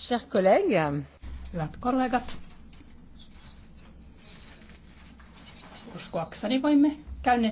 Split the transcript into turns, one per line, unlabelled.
Chers collègues. Hyvät kollegat.
Uskoakseni
voimme käynnistää.